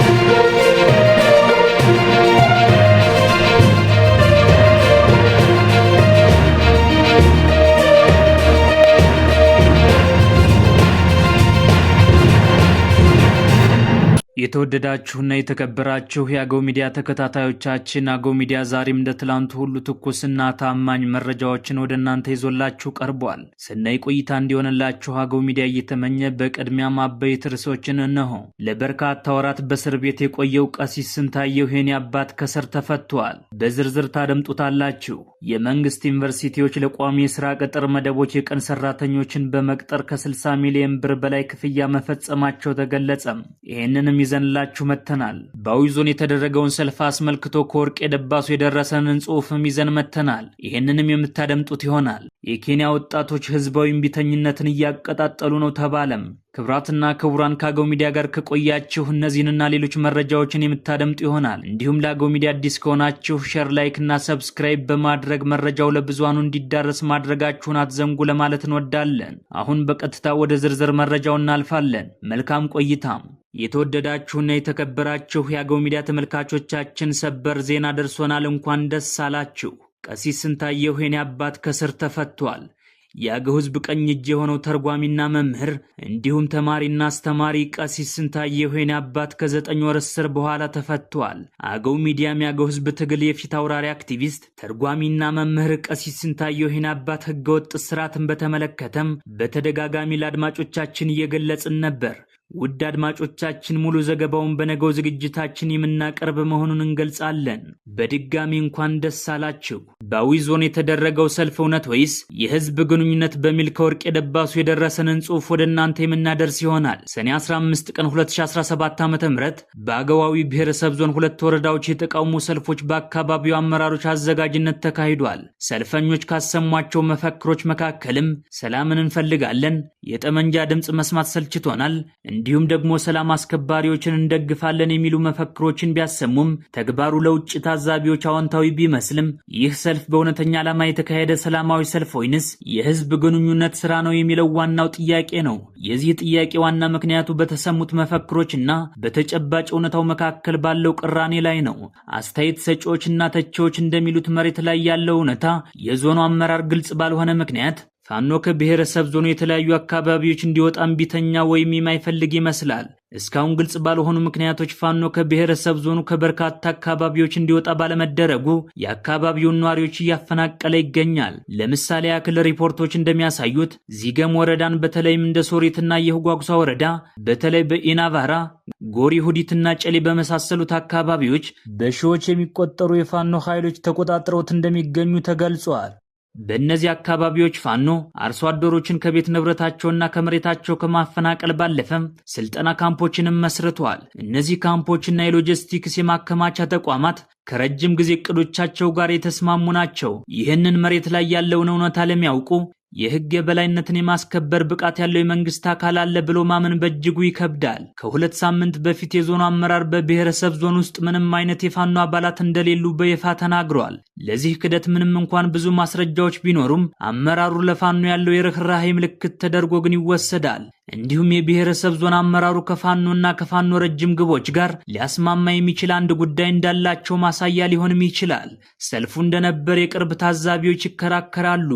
Música የተወደዳችሁና የተከበራችሁ የአገው ሚዲያ ተከታታዮቻችን አገው ሚዲያ ዛሬም እንደ ትላንቱ ሁሉ ትኩስና ታማኝ መረጃዎችን ወደ እናንተ ይዞላችሁ ቀርቧል። ስናይ ቆይታ እንዲሆንላችሁ አገው ሚዲያ እየተመኘ በቅድሚያ ማበይት ርዕሶችን እነሆ። ለበርካታ ወራት በእስር ቤት የቆየው ቀሲስ ስንታየው ሄኔ አባት ከእስር ተፈቷል። በዝርዝር ታደምጡታላችሁ። የመንግስት ዩኒቨርሲቲዎች ለቋሚ የስራ ቅጥር መደቦች የቀን ሰራተኞችን በመቅጠር ከ60 ሚሊዮን ብር በላይ ክፍያ መፈጸማቸው ተገለጸም። ይህንንም ይዘንላችሁ መጥተናል። በአዊ ዞን የተደረገውን ሰልፍ አስመልክቶ ከወርቅ የደባሱ የደረሰንን ጽሑፍም ይዘን መጥተናል። ይህንንም የምታደምጡት ይሆናል። የኬንያ ወጣቶች ህዝባዊ እምቢተኝነትን እያቀጣጠሉ ነው ተባለም። ክብራትና ክቡራን ከአገው ሚዲያ ጋር ከቆያችሁ እነዚህንና ሌሎች መረጃዎችን የምታደምጡ ይሆናል። እንዲሁም ለአገው ሚዲያ አዲስ ከሆናችሁ ሸር፣ ላይክ እና ሰብስክራይብ በማድረግ መረጃው ለብዙሃኑ እንዲዳረስ ማድረጋችሁን አትዘንጉ ለማለት እንወዳለን። አሁን በቀጥታ ወደ ዝርዝር መረጃው እናልፋለን። መልካም ቆይታም የተወደዳችሁና የተከበራችሁ የአገው ሚዲያ ተመልካቾቻችን ሰበር ዜና ደርሶናል። እንኳን ደስ አላችሁ። ቀሲስ ስንታየሁ የኔ አባት ከስር ተፈቷል። የአገው ሕዝብ ቀኝ እጅ የሆነው ተርጓሚና መምህር እንዲሁም ተማሪና አስተማሪ ቀሲስ ስንታየሁ የኔ አባት ከዘጠኝ ወር እስር በኋላ ተፈቷል። አገው ሚዲያም የአገው ሕዝብ ትግል የፊት አውራሪ አክቲቪስት ተርጓሚና መምህር ቀሲስ ስንታየሁ የኔ አባት ሕገወጥ እስራትን በተመለከተም በተደጋጋሚ ለአድማጮቻችን እየገለጽን ነበር። ውድ አድማጮቻችን ሙሉ ዘገባውን በነገው ዝግጅታችን የምናቀርብ መሆኑን እንገልጻለን። በድጋሚ እንኳን ደስ አላችሁ። በአዊ ዞን የተደረገው ሰልፍ እውነት ወይስ የህዝብ ግንኙነት በሚል ከወርቅ የደባሱ የደረሰንን ጽሑፍ ወደ እናንተ የምናደርስ ይሆናል። ሰኔ 15 ቀን 2017 ዓ ም በአገዋዊ ብሔረሰብ ዞን ሁለት ወረዳዎች የተቃውሞ ሰልፎች በአካባቢው አመራሮች አዘጋጅነት ተካሂዷል። ሰልፈኞች ካሰሟቸው መፈክሮች መካከልም ሰላምን እንፈልጋለን፣ የጠመንጃ ድምፅ መስማት ሰልችቶናል እንዲሁም ደግሞ ሰላም አስከባሪዎችን እንደግፋለን የሚሉ መፈክሮችን ቢያሰሙም ተግባሩ ለውጭ ታዛቢዎች አዎንታዊ ቢመስልም ይህ ሰልፍ በእውነተኛ ዓላማ የተካሄደ ሰላማዊ ሰልፍ ወይንስ የህዝብ ግንኙነት ስራ ነው የሚለው ዋናው ጥያቄ ነው። የዚህ ጥያቄ ዋና ምክንያቱ በተሰሙት መፈክሮችና በተጨባጭ እውነታው መካከል ባለው ቅራኔ ላይ ነው። አስተያየት ሰጪዎችና ተቺዎች እንደሚሉት መሬት ላይ ያለው እውነታ የዞኑ አመራር ግልጽ ባልሆነ ምክንያት ፋኖ ከብሔረሰብ ዞኑ የተለያዩ አካባቢዎች እንዲወጣ እምቢተኛ ወይም የማይፈልግ ይመስላል። እስካሁን ግልጽ ባልሆኑ ምክንያቶች ፋኖ ከብሔረሰብ ዞኑ ከበርካታ አካባቢዎች እንዲወጣ ባለመደረጉ የአካባቢውን ነዋሪዎች እያፈናቀለ ይገኛል። ለምሳሌ ያክል ሪፖርቶች እንደሚያሳዩት ዚገም ወረዳን በተለይም እንደ ሶሪትና የህጓጉሳ ወረዳ በተለይ በኢናቫራ ጎሪ ሁዲትና ጨሌ በመሳሰሉት አካባቢዎች በሺዎች የሚቆጠሩ የፋኖ ኃይሎች ተቆጣጥረውት እንደሚገኙ ተገልጿል። በእነዚህ አካባቢዎች ፋኖ አርሶ አደሮችን ከቤት ንብረታቸውና ከመሬታቸው ከማፈናቀል ባለፈም ስልጠና ካምፖችንም መስርተዋል። እነዚህ ካምፖችና የሎጂስቲክስ የማከማቻ ተቋማት ከረጅም ጊዜ እቅዶቻቸው ጋር የተስማሙ ናቸው። ይህንን መሬት ላይ ያለውን እውነታ ለሚያውቁ የህግ የበላይነትን የማስከበር ብቃት ያለው የመንግስት አካል አለ ብሎ ማመን በእጅጉ ይከብዳል። ከሁለት ሳምንት በፊት የዞኑ አመራር በብሔረሰብ ዞን ውስጥ ምንም አይነት የፋኖ አባላት እንደሌሉ በይፋ ተናግሯል። ለዚህ ክደት ምንም እንኳን ብዙ ማስረጃዎች ቢኖሩም አመራሩ ለፋኖ ያለው የርኅራሄ ምልክት ተደርጎ ግን ይወሰዳል። እንዲሁም የብሔረሰብ ዞን አመራሩ ከፋኖና ከፋኖ ረጅም ግቦች ጋር ሊያስማማ የሚችል አንድ ጉዳይ እንዳላቸው ማሳያ ሊሆንም ይችላል። ሰልፉ እንደነበር የቅርብ ታዛቢዎች ይከራከራሉ።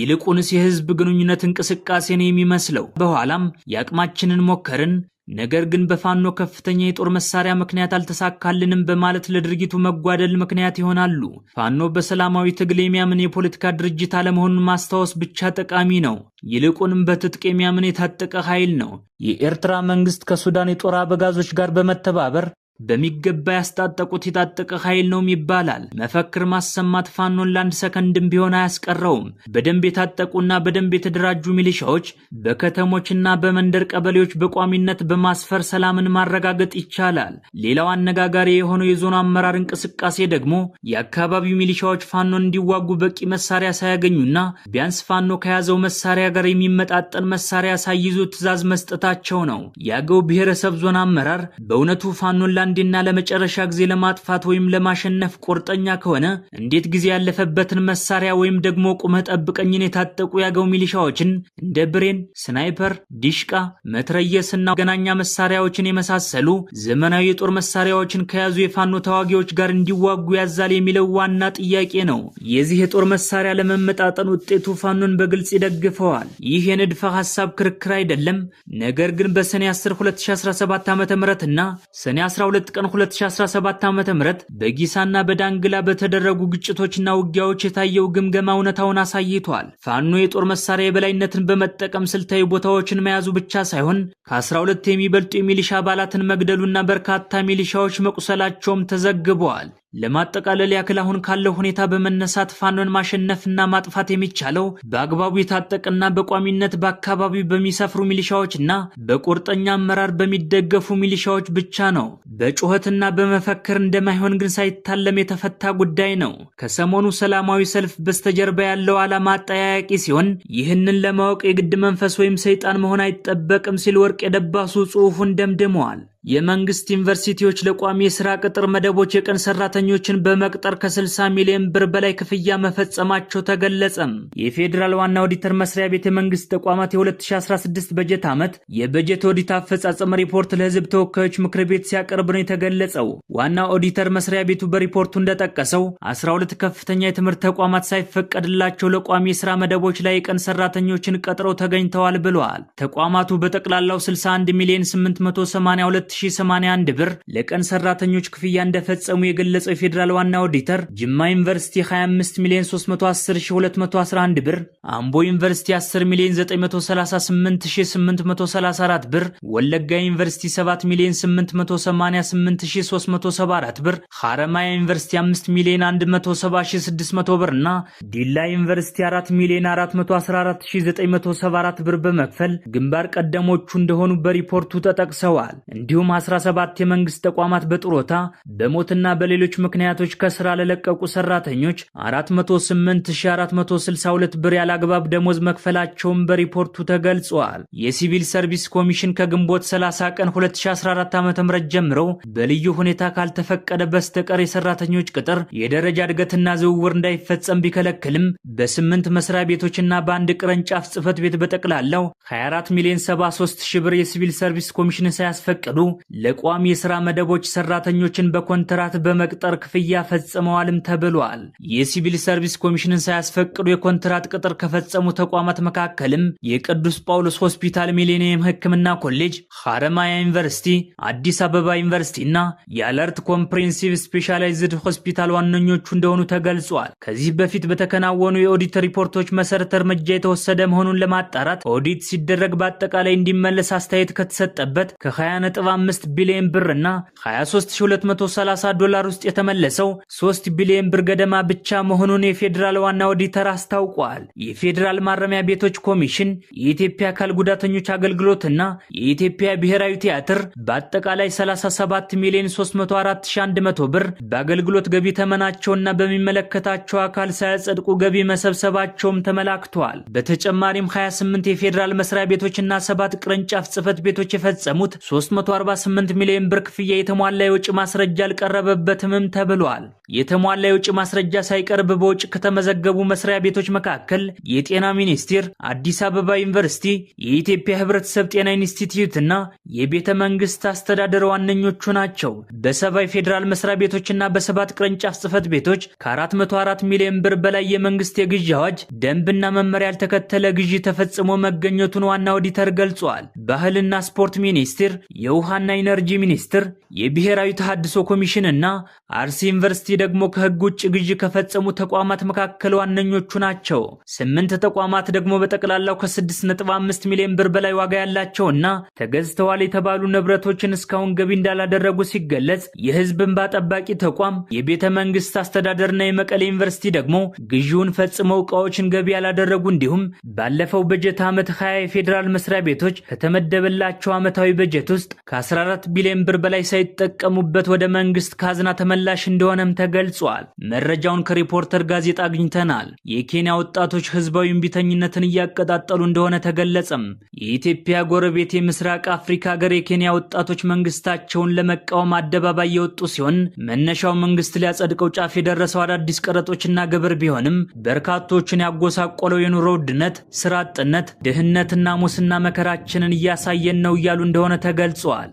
ይልቁንስ የህዝብ ግንኙነት እንቅስቃሴ የሚመስለው። በኋላም የአቅማችንን ሞከርን ነገር ግን በፋኖ ከፍተኛ የጦር መሳሪያ ምክንያት አልተሳካልንም በማለት ለድርጊቱ መጓደል ምክንያት ይሆናሉ። ፋኖ በሰላማዊ ትግል የሚያምን የፖለቲካ ድርጅት አለመሆኑን ማስታወስ ብቻ ጠቃሚ ነው። ይልቁንም በትጥቅ የሚያምን የታጠቀ ኃይል ነው። የኤርትራ መንግስት ከሱዳን የጦር አበጋዞች ጋር በመተባበር በሚገባ ያስታጠቁት የታጠቀ ኃይል ነውም ይባላል። መፈክር ማሰማት ፋኖን ለአንድ ሰከንድም ቢሆን አያስቀረውም። በደንብ የታጠቁና በደንብ የተደራጁ ሚሊሻዎች በከተሞችና በመንደር ቀበሌዎች በቋሚነት በማስፈር ሰላምን ማረጋገጥ ይቻላል። ሌላው አነጋጋሪ የሆነው የዞኑ አመራር እንቅስቃሴ ደግሞ የአካባቢው ሚሊሻዎች ፋኖን እንዲዋጉ በቂ መሳሪያ ሳያገኙና ቢያንስ ፋኖ ከያዘው መሳሪያ ጋር የሚመጣጠን መሳሪያ ሳይይዙ ትዕዛዝ መስጠታቸው ነው። የአገው ብሔረሰብ ዞን አመራር በእውነቱ ፋኖን ለአንዴና ለመጨረሻ ጊዜ ለማጥፋት ወይም ለማሸነፍ ቁርጠኛ ከሆነ እንዴት ጊዜ ያለፈበትን መሳሪያ ወይም ደግሞ ቁመ ጠብቀኝን የታጠቁ ያገው ሚሊሻዎችን እንደ ብሬን፣ ስናይፐር፣ ዲሽቃ፣ መትረየስና ገናኛ መሳሪያዎችን የመሳሰሉ ዘመናዊ የጦር መሳሪያዎችን ከያዙ የፋኖ ተዋጊዎች ጋር እንዲዋጉ ያዛል የሚለው ዋና ጥያቄ ነው። የዚህ የጦር መሳሪያ ለመመጣጠን ውጤቱ ፋኖን በግልጽ ይደግፈዋል። ይህ የንድፈ ሀሳብ ክርክር አይደለም። ነገር ግን በሰኔ 10 2017 ዓ.ም እና ሰኔ 12 12 ቀን 2017 ዓ.ም በጊሳና በዳንግላ በተደረጉ ግጭቶችና ውጊያዎች የታየው ግምገማ እውነታውን አሳይቷል። ፋኖ የጦር መሳሪያ የበላይነትን በመጠቀም ስልታዊ ቦታዎችን መያዙ ብቻ ሳይሆን ከ12 የሚበልጡ የሚሊሻ አባላትን መግደሉና በርካታ ሚሊሻዎች መቁሰላቸውም ተዘግበዋል። ለማጠቃለል ያክል አሁን ካለው ሁኔታ በመነሳት ፋኖን ማሸነፍና ማጥፋት የሚቻለው በአግባቡ የታጠቅና በቋሚነት በአካባቢው በሚሰፍሩ ሚሊሻዎችና በቁርጠኛ አመራር በሚደገፉ ሚሊሻዎች ብቻ ነው። በጩኸትና በመፈክር እንደማይሆን ግን ሳይታለም የተፈታ ጉዳይ ነው። ከሰሞኑ ሰላማዊ ሰልፍ በስተጀርባ ያለው ዓላማ አጠያያቂ ሲሆን ይህንን ለማወቅ የግድ መንፈስ ወይም ሰይጣን መሆን አይጠበቅም ሲል ወርቅ የደባሱ ጽሑፉን ደምድመዋል። የመንግስት ዩኒቨርሲቲዎች ለቋሚ የስራ ቅጥር መደቦች የቀን ሰራተኞችን በመቅጠር ከ60 ሚሊዮን ብር በላይ ክፍያ መፈጸማቸው ተገለጸም። የፌዴራል ዋና ኦዲተር መስሪያ ቤት የመንግስት ተቋማት የ2016 በጀት ዓመት የበጀት ኦዲት አፈጻጸም ሪፖርት ለህዝብ ተወካዮች ምክር ቤት ሲያቀርብ ነው የተገለጸው። ዋና ኦዲተር መስሪያ ቤቱ በሪፖርቱ እንደጠቀሰው 12 ከፍተኛ የትምህርት ተቋማት ሳይፈቀድላቸው ለቋሚ የስራ መደቦች ላይ የቀን ሰራተኞችን ቀጥረው ተገኝተዋል ብለዋል። ተቋማቱ በጠቅላላው 61 ሚሊዮን 882 2081 ብር ለቀን ሰራተኞች ክፍያ እንደፈጸሙ የገለጸው የፌዴራል ዋና ኦዲተር ጅማ ዩኒቨርሲቲ 25 ሚሊዮን 310211 ብር፣ አምቦ ዩኒቨርሲቲ 10 ሚሊዮን 938834 ብር፣ ወለጋ ዩኒቨርሲቲ 7 ሚሊዮን 888374 ብር፣ ሐረማያ ዩኒቨርሲቲ 5 ሚሊዮን 170600 ብር እና ዲላ ዩኒቨርሲቲ 4 ሚሊዮን 414974 ብር በመክፈል ግንባር ቀደሞቹ እንደሆኑ በሪፖርቱ ተጠቅሰዋል። እንዲሁም እንዲሁም 17 የመንግስት ተቋማት በጥሮታ በሞትና በሌሎች ምክንያቶች ከስራ ለለቀቁ ሰራተኞች 408462 ብር ያላግባብ ደሞዝ መክፈላቸውን በሪፖርቱ ተገልጿል። የሲቪል ሰርቪስ ኮሚሽን ከግንቦት 30 ቀን 2014 ዓ.ም ጀምሮ በልዩ ሁኔታ ካልተፈቀደ በስተቀር የሰራተኞች ቅጥር፣ የደረጃ እድገትና ዝውውር እንዳይፈጸም ቢከለክልም በስምንት መስሪያ ቤቶችና በአንድ ቅርንጫፍ ጽህፈት ቤት በጠቅላላው 24 ሚሊዮን 73 ሺህ ብር የሲቪል ሰርቪስ ኮሚሽን ሳያስፈቅዱ ለቋሚ የስራ መደቦች ሰራተኞችን በኮንትራት በመቅጠር ክፍያ ፈጽመዋልም ተብሏል። የሲቪል ሰርቪስ ኮሚሽንን ሳያስፈቅዱ የኮንትራት ቅጥር ከፈጸሙ ተቋማት መካከልም የቅዱስ ጳውሎስ ሆስፒታል፣ ሚሌኒየም ሕክምና ኮሌጅ፣ ሐረማያ ዩኒቨርሲቲ፣ አዲስ አበባ ዩኒቨርሲቲ እና የአለርት ኮምፕሬንሲቭ ስፔሻላይዝድ ሆስፒታል ዋነኞቹ እንደሆኑ ተገልጿል። ከዚህ በፊት በተከናወኑ የኦዲት ሪፖርቶች መሰረት እርምጃ የተወሰደ መሆኑን ለማጣራት ኦዲት ሲደረግ በአጠቃላይ እንዲመለስ አስተያየት ከተሰጠበት ከ20 ነጥብ 1.5 ቢሊዮን ብር እና 23230 ዶላር ውስጥ የተመለሰው 3 ቢሊዮን ብር ገደማ ብቻ መሆኑን የፌዴራል ዋና ኦዲተር አስታውቋል። የፌዴራል ማረሚያ ቤቶች ኮሚሽን፣ የኢትዮጵያ አካል ጉዳተኞች አገልግሎት እና የኢትዮጵያ ብሔራዊ ቲያትር በአጠቃላይ 37 ሚሊዮን 304100 ብር በአገልግሎት ገቢ ተመናቸውና በሚመለከታቸው አካል ሳያጸድቁ ገቢ መሰብሰባቸውም ተመላክተዋል። በተጨማሪም 28 የፌዴራል መስሪያ ቤቶችና ሰባት ቅርንጫፍ ጽህፈት ቤቶች የፈጸሙት 3 48 ሚሊዮን ብር ክፍያ የተሟላ የውጭ ማስረጃ አልቀረበበትምም ተብሏል። የተሟላ የውጭ ማስረጃ ሳይቀርብ በውጭ ከተመዘገቡ መስሪያ ቤቶች መካከል የጤና ሚኒስቴር፣ አዲስ አበባ ዩኒቨርሲቲ፣ የኢትዮጵያ ሕብረተሰብ ጤና ኢንስቲትዩት እና የቤተ መንግስት አስተዳደር ዋነኞቹ ናቸው። በሰባይ የፌዴራል መስሪያ ቤቶችና በሰባት ቅርንጫፍ ጽህፈት ቤቶች ከ404 ሚሊዮን ብር በላይ የመንግስት የግዢ አዋጅ ደንብና መመሪያ ያልተከተለ ግዢ ተፈጽሞ መገኘቱን ዋና ኦዲተር ገልጿል። ባህልና ስፖርት ሚኒስቴር የውሃ ውሃና ኢነርጂ ሚኒስቴር፣ የብሔራዊ ተሃድሶ ኮሚሽን እና አርሲ ዩኒቨርሲቲ ደግሞ ከህግ ውጭ ግዢ ከፈጸሙ ተቋማት መካከል ዋነኞቹ ናቸው። ስምንት ተቋማት ደግሞ በጠቅላላው ከ6.5 ሚሊዮን ብር በላይ ዋጋ ያላቸው እና ተገዝተዋል የተባሉ ንብረቶችን እስካሁን ገቢ እንዳላደረጉ ሲገለጽ፣ የህዝብ እንባ ጠባቂ ተቋም፣ የቤተ መንግስት አስተዳደርና የመቀሌ ዩኒቨርሲቲ ደግሞ ግዢውን ፈጽመው እቃዎችን ገቢ ያላደረጉ እንዲሁም ባለፈው በጀት ዓመት 20 የፌዴራል መስሪያ ቤቶች ከተመደበላቸው ዓመታዊ በጀት ውስጥ 14 ቢሊዮን ብር በላይ ሳይጠቀሙበት ወደ መንግስት ካዝና ተመላሽ እንደሆነም ተገልጿል። መረጃውን ከሪፖርተር ጋዜጣ አግኝተናል። የኬንያ ወጣቶች ህዝባዊ እምቢተኝነትን እያቀጣጠሉ እንደሆነ ተገለጸም። የኢትዮጵያ ጎረቤት የምስራቅ አፍሪካ ሀገር የኬንያ ወጣቶች መንግስታቸውን ለመቃወም አደባባይ የወጡ ሲሆን መነሻው መንግስት ሊያጸድቀው ጫፍ የደረሰው አዳዲስ ቀረጦችና ግብር ቢሆንም በርካቶችን ያጎሳቆለው የኑሮ ውድነት፣ ስራ አጥነት፣ ድህነትና ሙስና መከራችንን እያሳየን ነው እያሉ እንደሆነ ተገልጿል።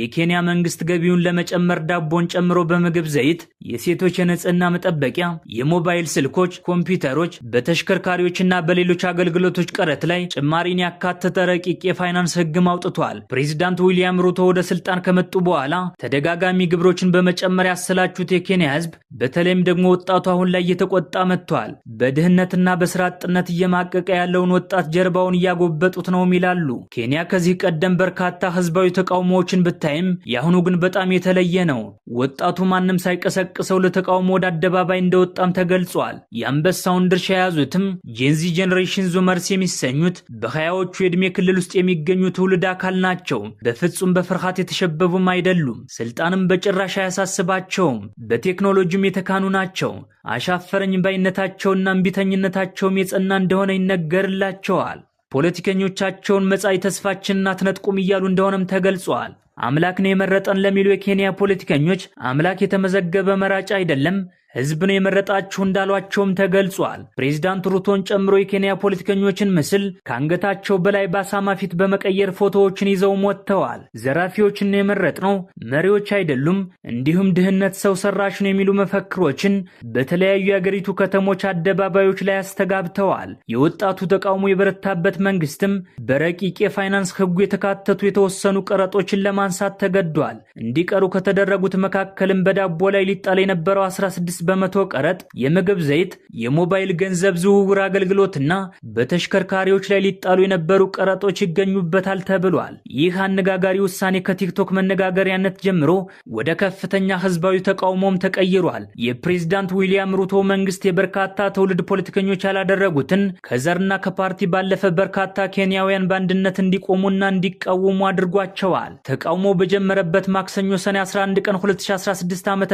የኬንያ መንግስት ገቢውን ለመጨመር ዳቦን ጨምሮ በምግብ ዘይት፣ የሴቶች የንጽህና መጠበቂያ፣ የሞባይል ስልኮች፣ ኮምፒውተሮች፣ በተሽከርካሪዎችና በሌሎች አገልግሎቶች ቀረት ላይ ጭማሪን ያካተተ ረቂቅ የፋይናንስ ህግም አውጥቷል። ፕሬዚዳንት ዊልያም ሩቶ ወደ ስልጣን ከመጡ በኋላ ተደጋጋሚ ግብሮችን በመጨመር ያሰላቹት የኬንያ ህዝብ በተለይም ደግሞ ወጣቱ አሁን ላይ እየተቆጣ መጥቷል። በድህነትና በስራ አጥነት እየማቀቀ ያለውን ወጣት ጀርባውን እያጎበጡት ነውም ይላሉ። ኬንያ ከዚህ ቀደም በርካታ ህዝባዊ ተቃውሞዎችን ብታይም የአሁኑ ግን በጣም የተለየ ነው። ወጣቱ ማንም ሳይቀሰቅሰው ለተቃውሞ ወደ አደባባይ እንደወጣም ተገልጿል። የአንበሳውን ድርሻ የያዙትም ጄንዚ ጄኔሬሽን ዙመርስ የሚሰኙት በሀያዎቹ የዕድሜ ክልል ውስጥ የሚገኙ ትውልድ አካል ናቸው። በፍጹም በፍርሃት የተሸበቡም አይደሉም። ስልጣንም በጭራሽ አያሳስባቸውም። በቴክኖሎጂም የተካኑ ናቸው። አሻፈረኝ ባይነታቸውና እምቢተኝነታቸውም የጸና እንደሆነ ይነገርላቸዋል። ፖለቲከኞቻቸውን መጻኢ ተስፋችንን አትነጥቁም እያሉ እንደሆነም ተገልጿል። አምላክ ነው የመረጠን ለሚሉ የኬንያ ፖለቲከኞች አምላክ የተመዘገበ መራጭ አይደለም ህዝብ ነው የመረጣችሁ እንዳሏቸውም ተገልጿል። ፕሬዚዳንት ሩቶን ጨምሮ የኬንያ ፖለቲከኞችን ምስል ከአንገታቸው በላይ በአሳማ ፊት በመቀየር ፎቶዎችን ይዘው ወጥተዋል። ዘራፊዎችን ነው የመረጥነው፣ መሪዎች አይደሉም፣ እንዲሁም ድህነት ሰው ሰራሽ ነው የሚሉ መፈክሮችን በተለያዩ የአገሪቱ ከተሞች አደባባዮች ላይ አስተጋብተዋል። የወጣቱ ተቃውሞ የበረታበት መንግስትም በረቂቅ የፋይናንስ ህጉ የተካተቱ የተወሰኑ ቀረጦችን ለማንሳት ተገዷል። እንዲቀሩ ከተደረጉት መካከልም በዳቦ ላይ ሊጣል የነበረው 16 በመቶ ቀረጥ፣ የምግብ ዘይት፣ የሞባይል ገንዘብ ዝውውር አገልግሎትና በተሽከርካሪዎች ላይ ሊጣሉ የነበሩ ቀረጦች ይገኙበታል ተብሏል። ይህ አነጋጋሪ ውሳኔ ከቲክቶክ መነጋገሪያነት ጀምሮ ወደ ከፍተኛ ህዝባዊ ተቃውሞም ተቀይሯል። የፕሬዝዳንት ዊልያም ሩቶ መንግስት የበርካታ ትውልድ ፖለቲከኞች ያላደረጉትን ከዘርና ከፓርቲ ባለፈ በርካታ ኬንያውያን በአንድነት እንዲቆሙና እንዲቃወሙ አድርጓቸዋል። ተቃውሞ በጀመረበት ማክሰኞ ሰኔ 11 ቀን 2016 ዓ ም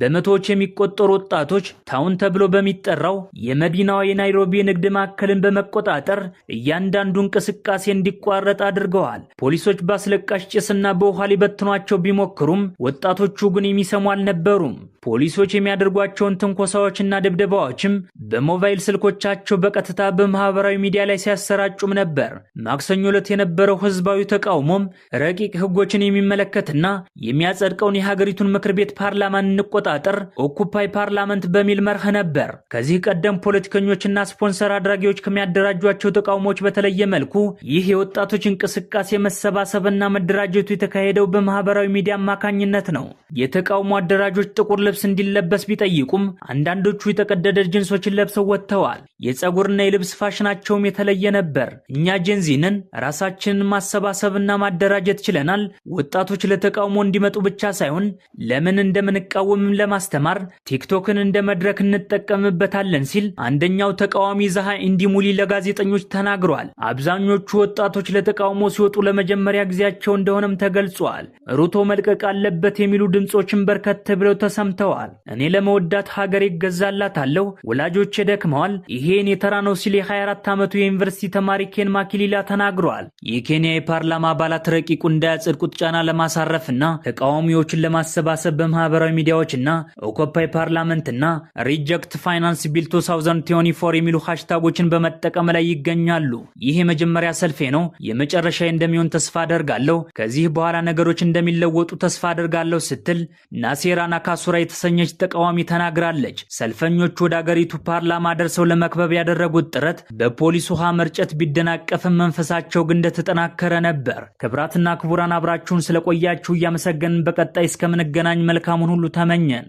በመቶዎች የሚቆጠሩ ጦር ወጣቶች ታውን ተብሎ በሚጠራው የመዲናዋ የናይሮቢ ንግድ ማዕከልን በመቆጣጠር እያንዳንዱ እንቅስቃሴ እንዲቋረጥ አድርገዋል። ፖሊሶች በአስለቃሽ ጭስና በውኃ ሊበትኗቸው ቢሞክሩም ወጣቶቹ ግን የሚሰሙ አልነበሩም። ፖሊሶች የሚያደርጓቸውን ትንኮሳዎችና ድብደባዎችም በሞባይል ስልኮቻቸው በቀጥታ በማህበራዊ ሚዲያ ላይ ሲያሰራጩም ነበር። ማክሰኞ ዕለት የነበረው ህዝባዊ ተቃውሞም ረቂቅ ህጎችን የሚመለከትና የሚያጸድቀውን የሀገሪቱን ምክር ቤት ፓርላማን እንቆጣጠር ኦኩፓይ ፓርላመንት በሚል መርህ ነበር። ከዚህ ቀደም ፖለቲከኞችና ስፖንሰር አድራጊዎች ከሚያደራጇቸው ተቃውሞዎች በተለየ መልኩ ይህ የወጣቶች እንቅስቃሴ መሰባሰብና መደራጀቱ የተካሄደው በማህበራዊ ሚዲያ አማካኝነት ነው። የተቃውሞ አደራጆች ጥቁር ልብስ ልብስ እንዲለበስ ቢጠይቁም አንዳንዶቹ የተቀደደ ጅንሶችን ለብሰው ወጥተዋል። የፀጉርና የልብስ ፋሽናቸውም የተለየ ነበር። እኛ ጄንዚንን ራሳችንን ማሰባሰብና ማደራጀት ችለናል። ወጣቶች ለተቃውሞ እንዲመጡ ብቻ ሳይሆን ለምን እንደምንቃወምም ለማስተማር ቲክቶክን እንደ መድረክ እንጠቀምበታለን ሲል አንደኛው ተቃዋሚ ዛሃ እንዲሙሊ ለጋዜጠኞች ተናግሯል። አብዛኞቹ ወጣቶች ለተቃውሞ ሲወጡ ለመጀመሪያ ጊዜያቸው እንደሆነም ተገልጿል። ሩቶ መልቀቅ አለበት የሚሉ ድምፆችን በርከት ብለው ተሰምተዋል። ተወግተዋል። እኔ ለመወዳት ሀገር ይገዛላታለሁ፣ ወላጆቼ ደክመዋል፣ ይሄ የተራ ነው ሲል የ24 ዓመቱ የዩኒቨርሲቲ ተማሪ ኬን ማኪሊላ ተናግረዋል። የኬንያ የፓርላማ አባላት ረቂቁ እንዳያጸድቁት ጫና ለማሳረፍና ተቃዋሚዎችን ለማሰባሰብ በማህበራዊ ሚዲያዎችና ኦኮፓይ ፓርላመንትና ሪጀክት ፋይናንስ ቢል 2024 የሚሉ ሃሽታጎችን በመጠቀም ላይ ይገኛሉ። ይህ የመጀመሪያ ሰልፌ ነው። የመጨረሻ እንደሚሆን ተስፋ አደርጋለሁ። ከዚህ በኋላ ነገሮች እንደሚለወጡ ተስፋ አደርጋለሁ ስትል ናሴራ ናካሱራ የተሰኘች ተቃዋሚ ተናግራለች። ሰልፈኞቹ ወደ አገሪቱ ፓርላማ ደርሰው ለመክበብ ያደረጉት ጥረት በፖሊስ ውሃ መርጨት ቢደናቀፍም መንፈሳቸው ግን እንደተጠናከረ ነበር። ክብራትና ክቡራን አብራችሁን ስለቆያችሁ እያመሰገንን በቀጣይ እስከምንገናኝ መልካሙን ሁሉ ተመኘን።